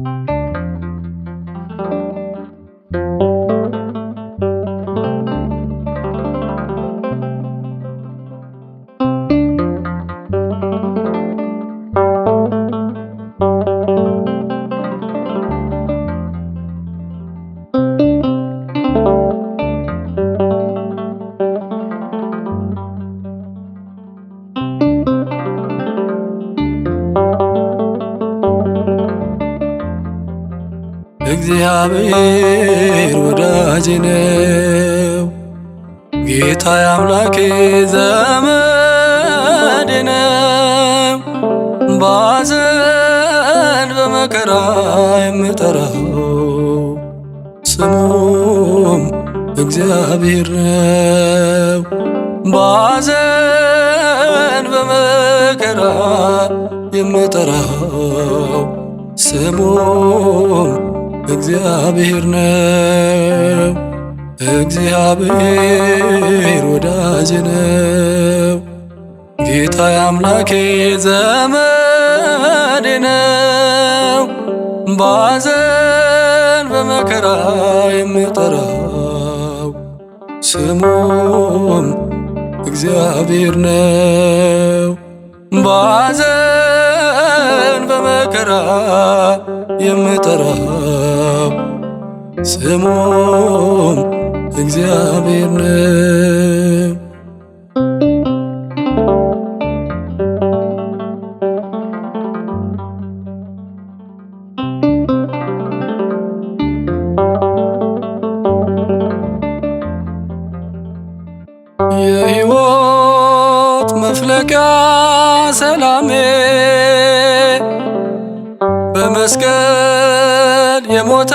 Thank you. እግዚአብሔር ወዳጅ ነው፣ ጌታ አምላኬ ዘመዴ ነው። ባዘን በመከራ የምጠራው ስሙም እግዚአብሔር ነው። ባዘን በመከራ የምጠራው ስሙም እግዚአብሔር ነው። እግዚአብሔር ወዳጅ ነው። ጌታ አምላኬ ዘመዴ ነው። ባዘን በመከራ የምጠራው ስሙም እግዚአብሔር ነው። ባዘን በመከራ የምጠራው ስሙን እግዚአብሔር ነው። የሕይወት መፍለቂያ ሰላሜ በመስቀል የሞተ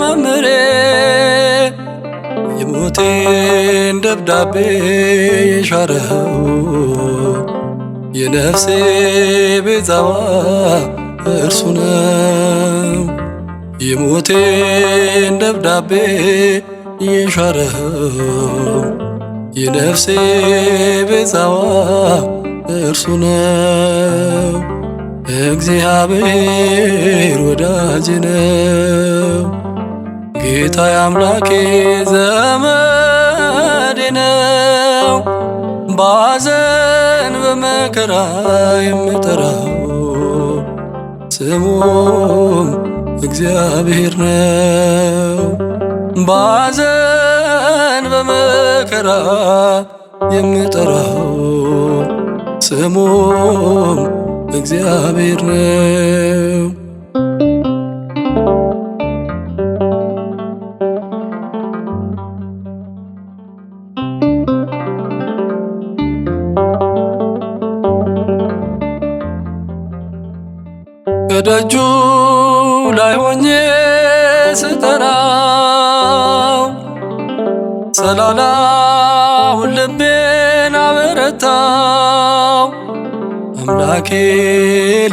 መምሬ የሞቴን ደብዳቤ የሻረኸው የነፍሴ ቤዛዋ እርሱ ነው። የሞቴን ደብዳቤ የሻረኸው የነፍሴ ቤዛዋ እርሱ ነው። እግዚአብሔር ወዳጅ ነው። ጌታ አምላኬ ዘመዴ ነው ባዘን በመከራ የምጠራው ስሙም እግዚአብሔር ነው። ባዘን በመከራ የምጠራው ስሙም እግዚአብሔር ነው። በጠላላው ልቤን አበረታው አምላኬ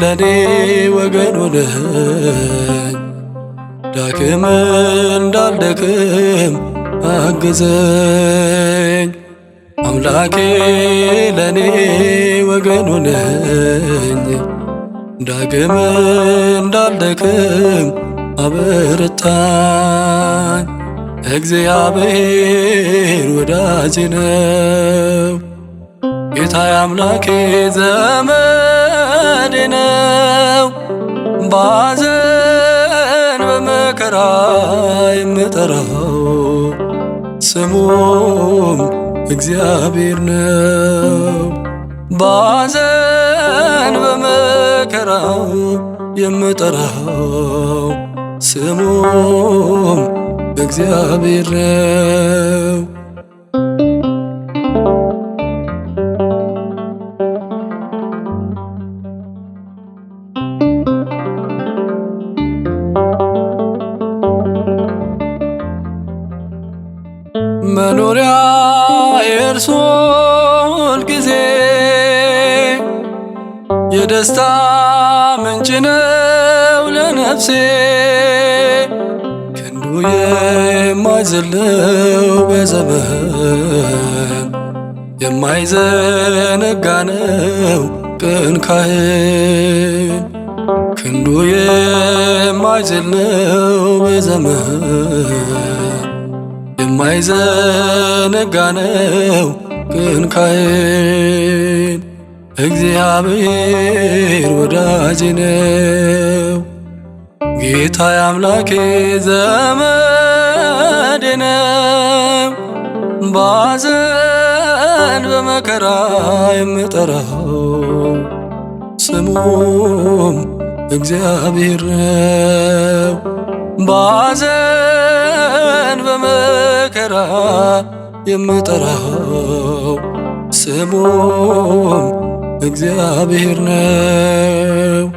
ለኔ ወገኑ ነኝ ዳግም እንዳልደክም አግዘኝ አምላኬ ለኔ ወገኑ ነኝ ዳግም እንዳልደክም አበረታኝ እግዚአብሔር ወዳጅ ነው። ጌታ አምላኬ ዘመዴ ነው። ባዘን በመከራ የምጠራው ስሙም እግዚአብሔር ነው። ባዘን በመከራ የምጠራው ስሙም እግዚአብሔር ነው። መኖሪያ የእርሱ ሁልጊዜ የደስታ ምንጭ ነው ለነፍሴ የማይዘለው በዘመን የማይዘነጋነው ቅን ካህን ክንዱ የማይዘለው በዘመን የማይዘነጋነው ካህን እግዚአብሔር ወዳጅ ነው። ጌታ አምላኬ ዘመዴ ነው፣ ባዘን በመከራ የምጠራው ስሙም እግዚአብሔር ነው። ባዘን በመከራ የምጠራው ስሙም እግዚአብሔር ነው።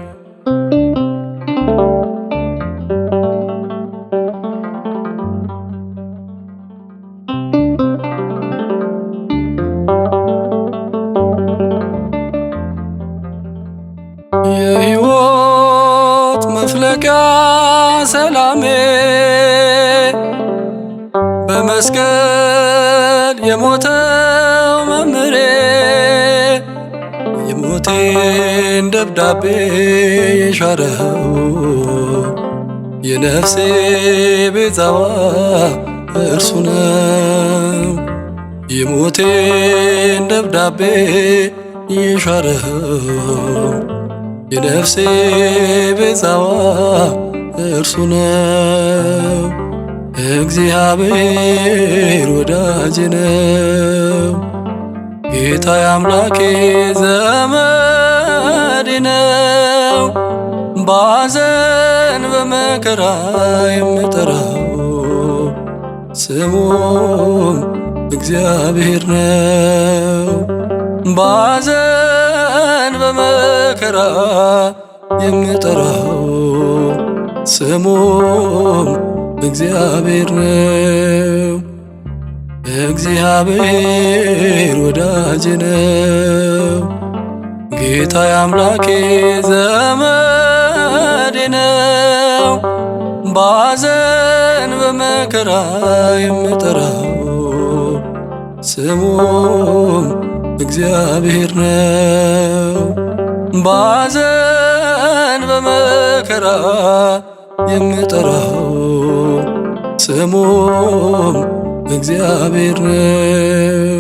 መውደቂያ ሰላሜ በመስቀል የሞተው መምሬ የሞቴን ደብዳቤ የሻረው የነፍሴ ቤዛዋ እርሱ ነው። የሞቴን ደብዳቤ የሻረው የነፍሴ ቤዛዋ እርሱ ነው። እግዚአብሔር ወዳጅ ነው። ጌታ አምላኬ ዘመድ ነው። ባዘን በመከራ የምጠራው ስሙም እግዚአብሔር ነው። ባዘን በመከራ የምጠራው ስሙም እግዚአብሔር ነው። እግዚአብሔር ወዳጅ ነው። ጌታ አምላኬ ዘመዴ ነው። ባዘን በመከራ የምጠራው ስሙም እግዚአብሔር ነው። ባዘን በመከራ የምጠራው ስሙም እግዚአብሔር ነው።